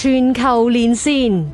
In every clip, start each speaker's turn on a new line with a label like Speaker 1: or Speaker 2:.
Speaker 1: 全球連線，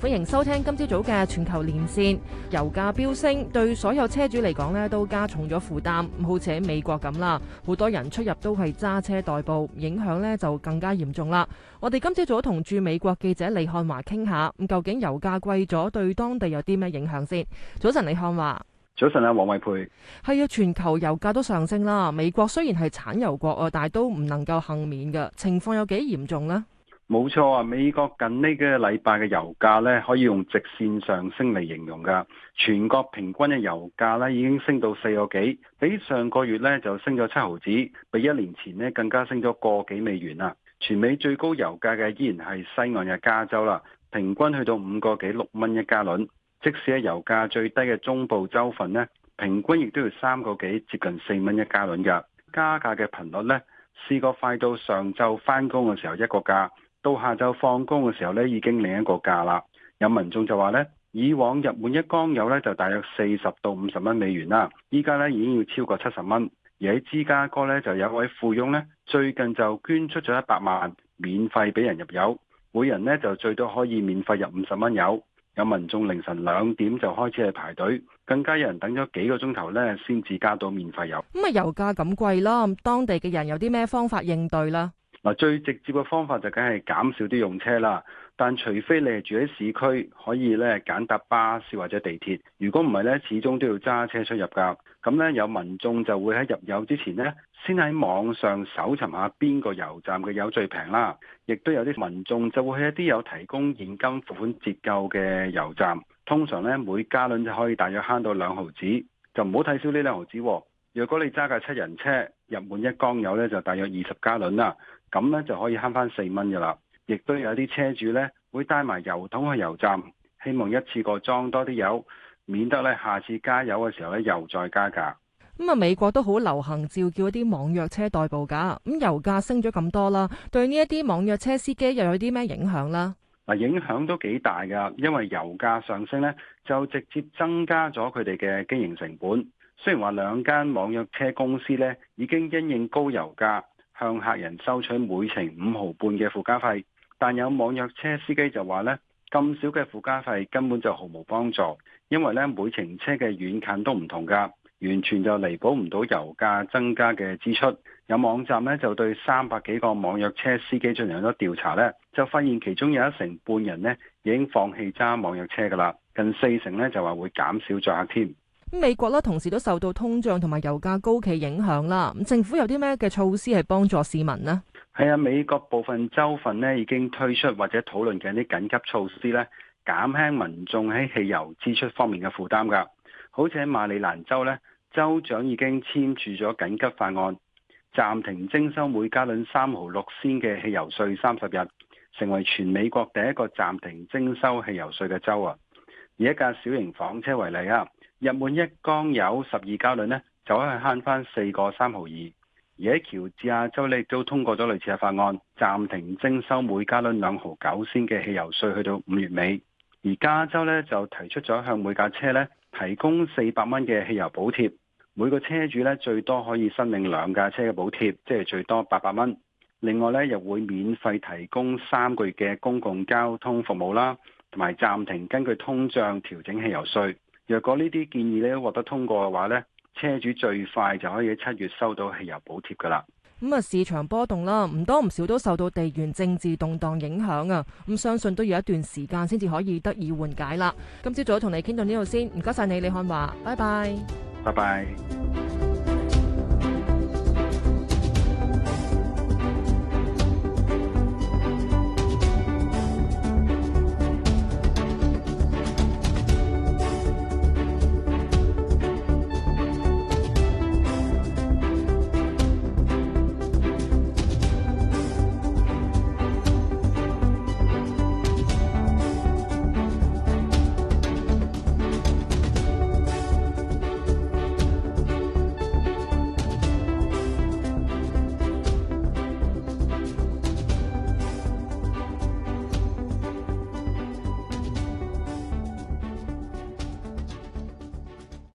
Speaker 1: 歡迎收聽今朝早嘅全球連線。油價飆升對所有車主嚟講呢都加重咗負擔，好似喺美國咁啦，好多人出入都係揸車代步，影響呢就更加嚴重啦。我哋今朝早同駐美國記者李漢華傾下，咁究竟油價貴咗對當地有啲咩影響先？早晨，李漢華。
Speaker 2: 早晨啊，王慧蓓。
Speaker 1: 係啊，全球油價都上升啦。美國雖然係產油國啊，但係都唔能夠幸免噶。情況有幾嚴重呢？
Speaker 2: 冇錯啊，美國近呢個禮拜嘅油價咧，可以用直線上升嚟形容噶。全國平均嘅油價咧，已經升到四個幾，比上個月咧就升咗七毫子，比一年前呢更加升咗個幾美元啦。全美最高油價嘅依然係西岸嘅加州啦，平均去到五個幾六蚊一加侖。即使喺油價最低嘅中部州份呢，平均亦都要三個幾，接近四蚊一加侖嘅。加價嘅頻率呢，試過快到上晝翻工嘅時候一個價，到下晝放工嘅時候呢已經另一個價啦。有民眾就話呢，以往入滿一缸油呢就大約四十到五十蚊美元啦，依家呢已經要超過七十蚊。而喺芝加哥呢，就有一位富翁呢最近就捐出咗一百萬，免費俾人入油，每人呢就最多可以免費入五十蚊油。有民眾凌晨兩點就開始去排隊，更加有人等咗幾個鐘頭咧，先至加到免費油。
Speaker 1: 咁啊，油價咁貴咯，當地嘅人有啲咩方法應對咧？
Speaker 2: 嗱，最直接嘅方法就梗係減少啲用車啦。但除非你係住喺市區，可以咧揀搭巴士或者地鐵。如果唔係呢，始終都要揸車出入噶。咁呢，有民眾就會喺入油之前呢，先喺網上搜尋下邊個油站嘅油最平啦。亦都有啲民眾就會去一啲有提供現金付款折扣嘅油站。通常呢，每加侖就可以大約慳到兩毫子，就唔好睇少呢兩毫子喎。若果你揸架七人車入滿一缸油呢，就大約二十加侖啦，咁呢，就可以慳翻四蚊嘅啦。亦都有啲車主咧，會帶埋油桶去油站，希望一次過裝多啲油，免得咧下次加油嘅時候咧又再加價。
Speaker 1: 咁啊，美國都好流行召叫一啲網約車代步㗎。咁油價升咗咁多啦，對呢一啲網約車司機又有啲咩影響咧？
Speaker 2: 嗱，影響都幾大㗎，因為油價上升咧，就直接增加咗佢哋嘅經營成本。雖然話兩間網約車公司咧已經因應高油價，向客人收取每程五毫半嘅附加費。但有網約車司機就話呢，咁少嘅附加費根本就毫無幫助，因為咧每程車嘅遠近都唔同噶，完全就彌補唔到油價增加嘅支出。有網站呢就對三百幾個網約車司機進行咗調查呢，就發現其中有一成半人呢已經放棄揸網約車噶啦，近四成呢就話會減少載客添。
Speaker 1: 美國咧同時都受到通脹同埋油價高企影響啦，政府有啲咩嘅措施係幫助市民呢？
Speaker 2: 係啊，美國部分州份咧已經推出或者討論緊啲緊急措施咧，減輕民眾喺汽油支出方面嘅負擔㗎。好似喺馬里蘭州咧，州長已經簽署咗緊急法案，暫停徵收每加侖三毫六仙嘅汽油稅三十日，成為全美國第一個暫停徵收汽油稅嘅州啊！以一架小型房車為例啊，入滿一缸油十二加侖咧，就可以慳翻四個三毫二。而喺喬治亞州亦都通過咗類似嘅法案，暫停徵收每加侖兩毫九仙嘅汽油稅，去到五月尾。而加州呢就提出咗向每架車呢提供四百蚊嘅汽油補貼，每個車主呢最多可以申領兩架車嘅補貼，即係最多八百蚊。另外呢，又會免費提供三個月嘅公共交通服務啦，同埋暫停根據通脹調整汽油稅。若果呢啲建議呢獲得通過嘅話呢，車主最快就可以喺七月收到汽油補貼㗎啦。咁
Speaker 1: 啊、嗯，市場波動啦，唔多唔少都受到地緣政治動盪影響啊。咁、嗯、相信都要一段時間先至可以得以緩解啦。今朝早同你傾到呢度先，唔該晒你，李漢華，拜拜，
Speaker 2: 拜拜。